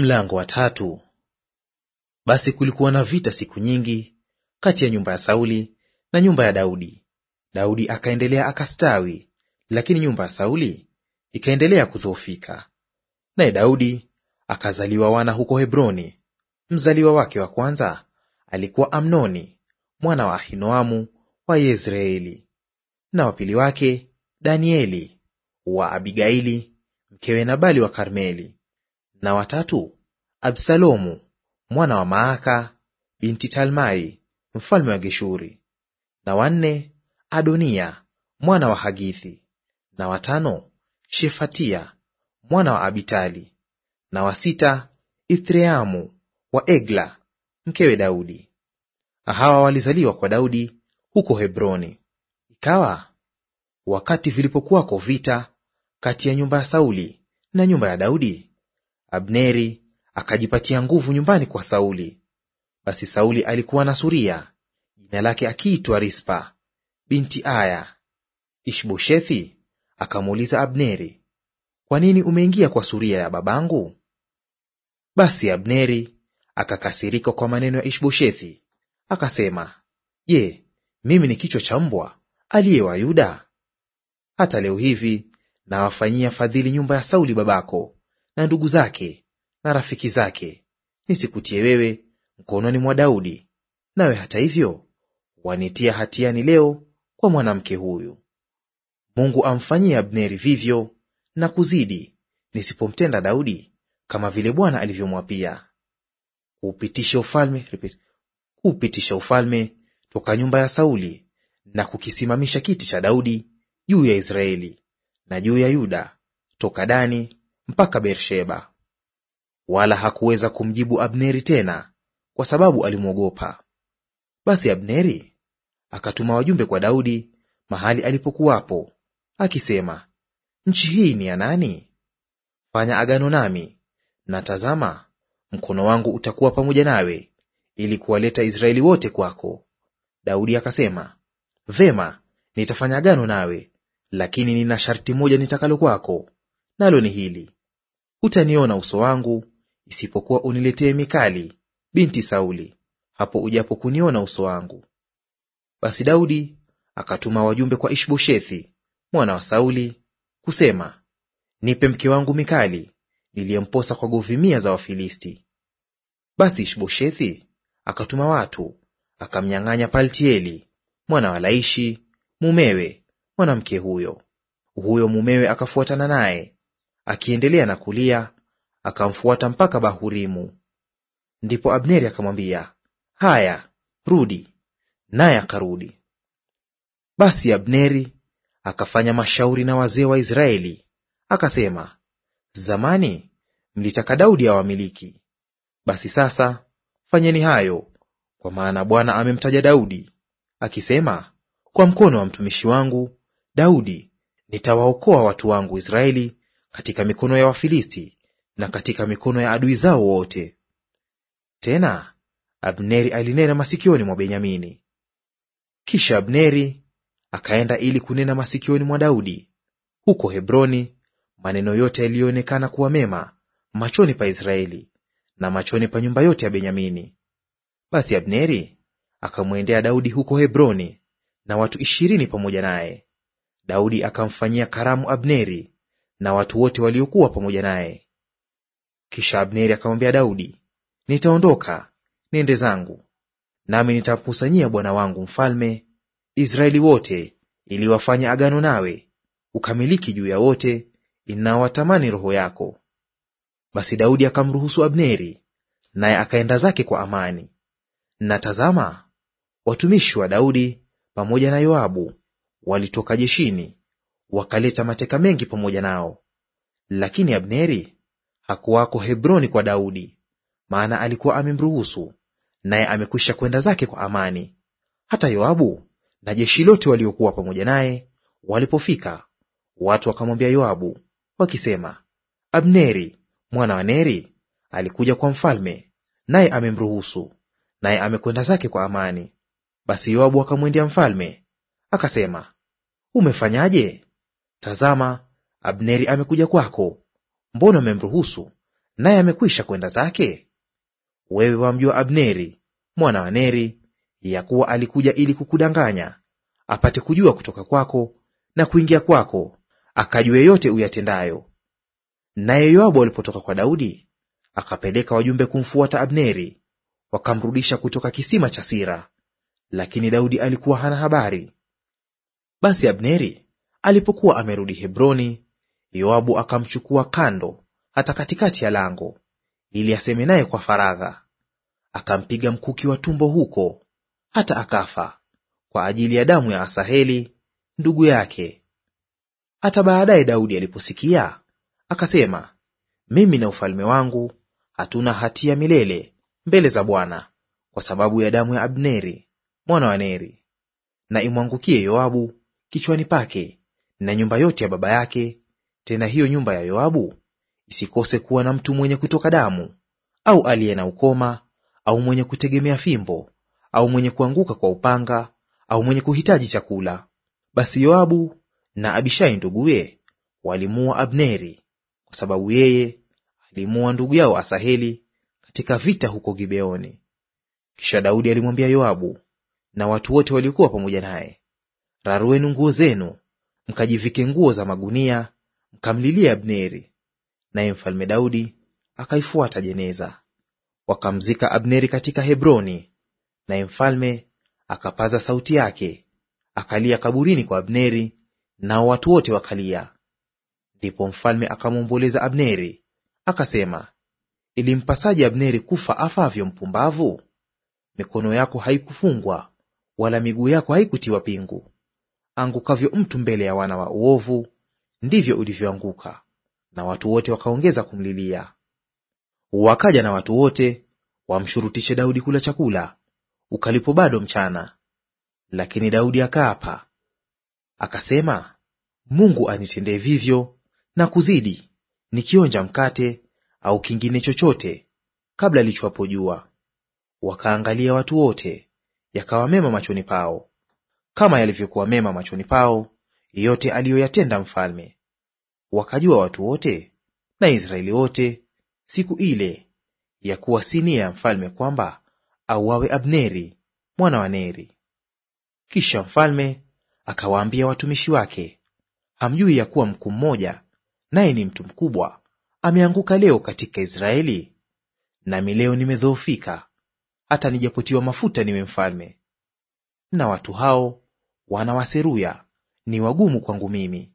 Mlango wa tatu. Basi kulikuwa na vita siku nyingi kati ya nyumba ya Sauli na nyumba ya Daudi. Daudi akaendelea akastawi, lakini nyumba ya Sauli ikaendelea kudhoofika. Naye Daudi akazaliwa wana huko Hebroni. Mzaliwa wake wa kwanza alikuwa Amnoni mwana wa Ahinoamu wa Yezreeli, na wapili wake Danieli wa Abigaili mkewe Nabali wa Karmeli na watatu Absalomu mwana wa Maaka binti Talmai mfalme wa Geshuri, na wanne Adonia mwana wa Hagithi, na watano Shefatia mwana wa Abitali, na wasita Ithreamu wa Egla mkewe Daudi. Hawa walizaliwa kwa Daudi huko Hebroni. Ikawa wakati vilipokuwako vita kati ya nyumba ya Sauli na nyumba ya Daudi, Abneri akajipatia nguvu nyumbani kwa Sauli. Basi Sauli alikuwa na suria jina lake akiitwa Rispa binti Aya. Ishboshethi akamuuliza Abneri, kwa nini umeingia kwa suria ya babangu? Basi Abneri akakasirika kwa maneno ya Ishboshethi akasema, Je, mimi ni kichwa cha mbwa aliye wa Yuda? Hata leo hivi nawafanyia fadhili nyumba ya Sauli babako, na ndugu zake na rafiki zake, nisikutie wewe mkononi mwa Daudi, nawe hata hivyo wanitia hatiani leo kwa mwanamke huyu. Mungu amfanyie Abneri vivyo na kuzidi, nisipomtenda Daudi kama vile Bwana alivyomwapia. Kuupitisha ufalme, kuupitisha ufalme toka nyumba ya Sauli na kukisimamisha kiti cha Daudi juu ya Israeli na juu ya Yuda toka Dani mpaka Beersheba. Wala hakuweza kumjibu Abneri tena, kwa sababu alimwogopa. Basi Abneri akatuma wajumbe kwa Daudi mahali alipokuwapo, akisema, nchi hii ni ya nani? Fanya agano nami, na tazama, mkono wangu utakuwa pamoja nawe, ili kuwaleta Israeli wote kwako. Daudi akasema, vema, nitafanya agano nawe, lakini nina sharti moja nitakalo kwako, nalo ni hili: hutaniona uso wangu, isipokuwa uniletee Mikali binti Sauli, hapo ujapo kuniona uso wangu. Basi Daudi akatuma wajumbe kwa Ishboshethi mwana wa Sauli kusema, nipe mke wangu Mikali niliyemposa kwa govi mia za Wafilisti. Basi Ishboshethi akatuma watu akamnyang'anya Paltieli mwana wa Laishi mumewe mwanamke huyo. Huyo mumewe akafuatana naye akiendelea na kulia, akamfuata mpaka Bahurimu. Ndipo Abneri akamwambia, haya, rudi, naye akarudi. Basi Abneri akafanya mashauri na wazee wa Israeli, akasema, zamani mlitaka Daudi awamiliki, basi sasa fanyeni hayo, kwa maana Bwana amemtaja Daudi akisema, kwa mkono wa mtumishi wangu Daudi nitawaokoa watu wangu Israeli katika mikono ya Wafilisti na katika mikono ya adui zao wote. Tena Abneri alinena masikioni mwa Benyamini. Kisha Abneri akaenda ili kunena masikioni mwa Daudi huko Hebroni maneno yote yaliyoonekana kuwa mema machoni pa Israeli na machoni pa nyumba yote ya Benyamini. Basi Abneri akamwendea Daudi huko Hebroni na watu ishirini pamoja naye. Daudi akamfanyia karamu Abneri na watu wote waliokuwa pamoja naye. Kisha Abneri akamwambia Daudi, nitaondoka niende zangu, nami nitamkusanyia bwana wangu mfalme Israeli wote, ili wafanye agano nawe, ukamiliki juu ya wote inaowatamani roho yako. Basi Daudi akamruhusu Abneri, naye akaenda zake kwa amani. Na tazama, watumishi wa Daudi pamoja na Yoabu walitoka jeshini wakaleta mateka mengi pamoja nao. Lakini Abneri hakuwako Hebroni kwa Daudi, maana alikuwa amemruhusu, naye amekwisha kwenda zake kwa amani. Hata Yoabu na jeshi lote waliokuwa pamoja naye walipofika, watu wakamwambia Yoabu wakisema, Abneri mwana wa Neri alikuja kwa mfalme, naye amemruhusu, naye amekwenda zake kwa amani. Basi Yoabu akamwendea mfalme akasema, umefanyaje? Tazama, Abneri amekuja kwako, mbona umemruhusu naye amekwisha kwenda zake? Wewe wamjua Abneri mwana wa Neri, ya kuwa alikuja ili kukudanganya, apate kujua kutoka kwako na kuingia kwako, akajue yote uyatendayo. Naye Yoabu alipotoka kwa Daudi, akapeleka wajumbe kumfuata Abneri, wakamrudisha kutoka kisima cha Sira, lakini Daudi alikuwa hana habari. Basi Abneri Alipokuwa amerudi Hebroni, Yoabu akamchukua kando hata katikati ya lango, ili aseme naye kwa faragha. Akampiga mkuki wa tumbo huko hata akafa, kwa ajili ya damu ya Asaheli ndugu yake. Hata baadaye Daudi aliposikia akasema, mimi na ufalme wangu hatuna hatia milele mbele za Bwana kwa sababu ya damu ya Abneri mwana wa Neri. Na imwangukie Yoabu kichwani pake na nyumba yote ya baba yake, tena hiyo nyumba ya Yoabu isikose kuwa na mtu mwenye kutoka damu au aliye na ukoma au mwenye kutegemea fimbo au mwenye kuanguka kwa upanga au mwenye kuhitaji chakula. Basi Yoabu na Abishai nduguye walimuua Abneri, kwa sababu yeye alimua ndugu yao Asaheli katika vita huko Gibeoni. Kisha Daudi alimwambia Yoabu na watu wote waliokuwa pamoja naye, rarueni nguo zenu mkajivike nguo za magunia, mkamlilia Abneri. Naye mfalme Daudi akaifuata jeneza. Wakamzika Abneri katika Hebroni, naye mfalme akapaza sauti yake, akalia kaburini kwa Abneri, nao watu wote wakalia. Ndipo mfalme akamwomboleza Abneri akasema, ilimpasaje Abneri kufa afavyo mpumbavu? Mikono yako haikufungwa wala miguu yako haikutiwa pingu. Angukavyo mtu mbele ya wana wa uovu, ndivyo ulivyoanguka. Na watu wote wakaongeza kumlilia. Wakaja na watu wote wamshurutishe Daudi kula chakula, ukalipo bado mchana. Lakini Daudi akaapa akasema, Mungu anitendee vivyo na kuzidi, nikionja mkate au kingine chochote kabla lichwapo jua. Wakaangalia watu wote, yakawa mema machoni pao, kama yalivyokuwa mema machoni pao yote aliyoyatenda mfalme. Wakajua watu wote na Israeli wote siku ile ya kuwa Sinia mfalme kwamba auawe Abneri mwana wa Neri. Kisha mfalme akawaambia watumishi wake, hamjui ya kuwa mkuu mmoja naye ni mtu mkubwa ameanguka leo katika Israeli? Nami leo nimedhoofika, hata nijapotiwa mafuta niwe mfalme na watu hao wana wa Seruya ni wagumu kwangu mimi.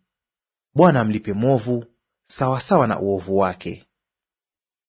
Bwana amlipe mwovu sawasawa na uovu wake.